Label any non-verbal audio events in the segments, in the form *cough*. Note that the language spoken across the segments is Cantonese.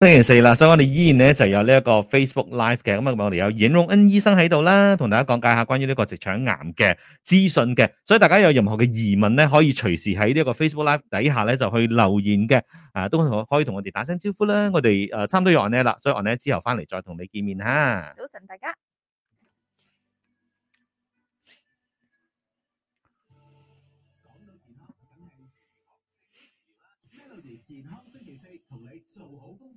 星期四啦，所以我哋依然咧，就有呢一個 Facebook Live 嘅。咁啊，我哋有嚴永恩醫生喺度啦，同大家講解下關於呢個直腸癌嘅資訊嘅。所以大家有任何嘅疑問咧，可以隨時喺呢一個 Facebook Live 底下咧，就去留言嘅。啊，都可可以同我哋打聲招呼啦。我哋，誒，差唔多要晏呢啦，所以晏呢之後翻嚟再同你見面哈。早晨，大家。講到健康，健康星期四，同你做好。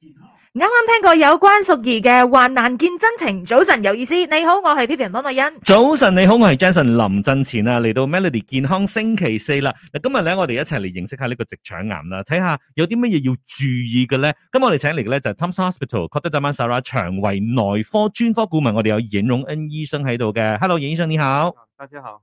健康啱啱聽過有關淑儀嘅患難見真情，早晨有意思。你好，我係 P P M 多諾欣。早晨，你好，我係 Jason 林振前啊，嚟到 Melody 健康星期四啦。嗱，今日咧我哋一齊嚟認識下呢個直腸癌啦，睇下有啲乜嘢要注意嘅咧。咁我哋請嚟嘅咧就係 Thomson Hospital Kota Damansara 腸胃內科專科顧問，我哋有尹勇恩醫生喺度嘅。Hello，尹醫生你好。大家好。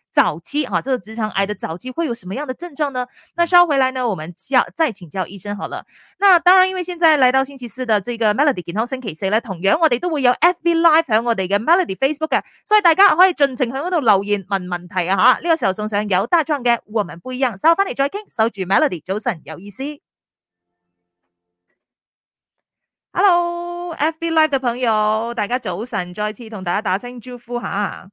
早期啊，這個直腸癌的早期會有什麼樣的症狀呢？那稍後回來呢，我們要再請教醫生好了。那當然，因為現在來到星期四的這個 Melody 健康星期四咧，同樣我哋都會有 FB Live 響我哋嘅 Melody Facebook 嘅，所以大家可以盡情響嗰度留言問問題啊吓。呢個時候送上有大壯嘅我們不一樣，稍後翻嚟再傾，守住 Melody 早晨有意思。Hello，FB Live 嘅朋友，大家早晨，再次同大家打聲招呼吓。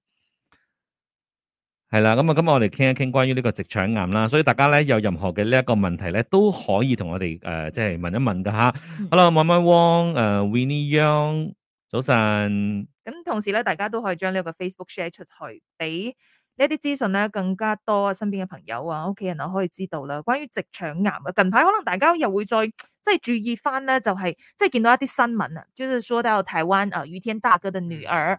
係啦，咁啊，今日我哋傾一傾關於呢個直腸癌啦，所以大家咧有任何嘅呢一個問題咧，都可以同我哋誒，即係問一問噶吓。Hello, Mama Wong，誒、uh, Winnie Young，早晨。咁同時咧，大家都可以將呢個 Facebook share 出去，俾一啲資訊咧更加多啊，身邊嘅朋友啊、屋企人啊可以知道啦。關於直腸癌啊，近排可能大家又會再即係注意翻咧，就係即係見到一啲新聞啊，就是說到台灣啊、呃，余天大哥嘅女兒。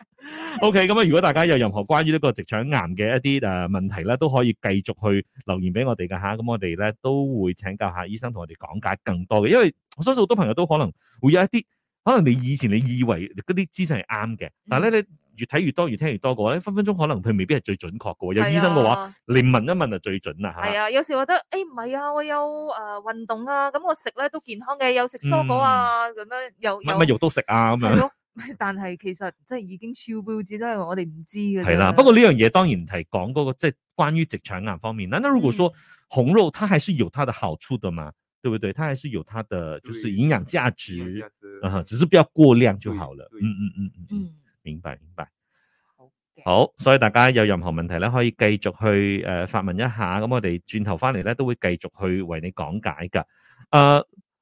O K，咁啊，如果大家有任何關於呢個直腸癌嘅一啲誒問題咧，都可以繼續去留言俾我哋㗎吓，咁、啊、我哋咧都會請教一下醫生同我哋講解更多嘅。因為我相信好多朋友都可能會有一啲，可能你以前你以為嗰啲資訊係啱嘅，但係咧你越睇越多，越聽越多嘅話咧，分分鐘可能佢未必係最準確嘅。有醫生嘅話，你、啊、問一問就最準啦。係啊，啊，有時覺得誒唔係啊，我有誒運、呃、動啊，咁我食咧都健康嘅，有食蔬果啊，咁、嗯、樣又乜乜肉都食啊，咁樣、啊。但係其實即係已經超標準，都係我哋唔知嘅。係啦，不過呢樣嘢當然係講嗰個即係、就是、關於直腸癌方面啦。那如果說、嗯，紅肉它還是有它的好處的嘛，對不對？它還是有它的就是營養價值、值、嗯，只是不要過量就好了。嗯嗯嗯嗯嗯，明白明白。好嘅，好，所以大家有任何問題咧，可以繼續去誒、呃、發問一下，咁我哋轉頭翻嚟咧都會繼續去為你講解噶。誒、呃。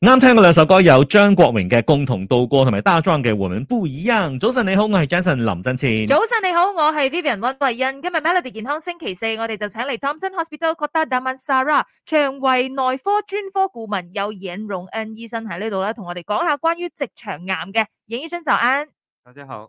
啱聽到兩首歌，有張國榮嘅《共同度過》同埋大壯嘅《我們不一樣》。早晨你好，我係 Jason 林振千。早晨你好，我係 Vivian 温慧欣。今日 Melody 健康星期四，我哋就請嚟 Thompson Hospital Kota Damansara 腸胃內科專科顧問有影容恩醫生喺呢度啦，同我哋講下關於直腸癌嘅。影醫生就啱。大家好。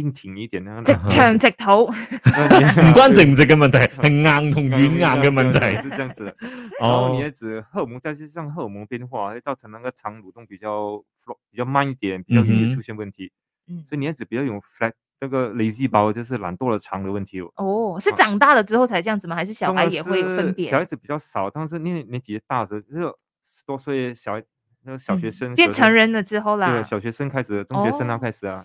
硬挺一點啦，直腸直肚，唔關直唔直嘅問題，係 *laughs* 硬同軟硬嘅問題。哦， *laughs* 然後你兒子、oh. 荷爾蒙再繼續向荷爾蒙變化，會造成那個腸蠕動比較比較慢一點，比較容易出現問題。嗯、mm -hmm.，所以你兒子比較有 flat，那個 lazy 包，就是懶惰的腸的問題。哦、oh, 啊，是長大了之後才這樣子嗎？還是小孩也會有分別？小孩子比較少，當時你你年紀大咗，就十多歲小孩，那個小學生、嗯，變成人了之後啦，對，小學生開始，中學生啊開始啊。Oh.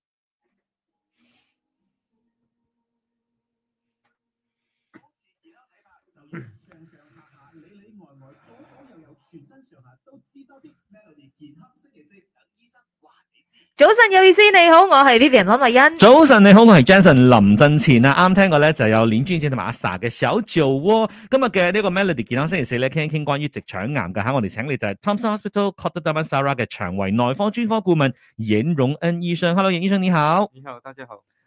早晨有意思，你好，我係呢邊林慧欣。早晨你好，我係 Jason 林振前啊，啱聽過咧，就有連專線同埋阿 Sa 嘅小酒窩。今日嘅呢個 Melody 健康星期四咧，傾一傾關於直腸癌嘅吓，我哋請嚟就係 Thomson Hospital Kota Damansara 嘅腸胃內科專科顧問楊勇恩醫生。Hello，楊醫生你好。你好，大家好。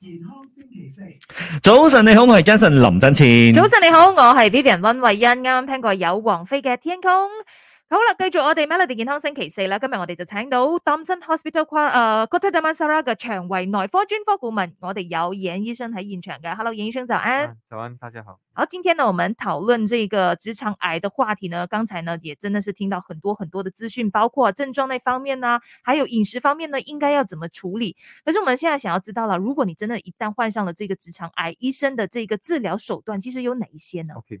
健康星期四，早晨你好，我係 Jason 林振前。早晨你好，我係 Vivian 溫慧欣。啱啱聽過有王菲嘅天空。好啦，繼續我哋 Melody 健康星期四啦，今日我哋就請到 Thomson Hospital Kota Damansara 嘅腸胃內科專科顧問，我哋有嚴醫生喺現場嘅。Hello，嚴醫生早安、啊。早安，大家好。好，今天呢，我們討論這個直腸癌的話題呢，剛才呢，也真的是聽到很多很多的資訊，包括症狀那方面呢、啊，還有飲食方面呢，應該要怎麼處理。可是我們現在想要知道了，如果你真的一旦患上了這個直腸癌，醫生的這個治療手段其實有哪一些呢？OK。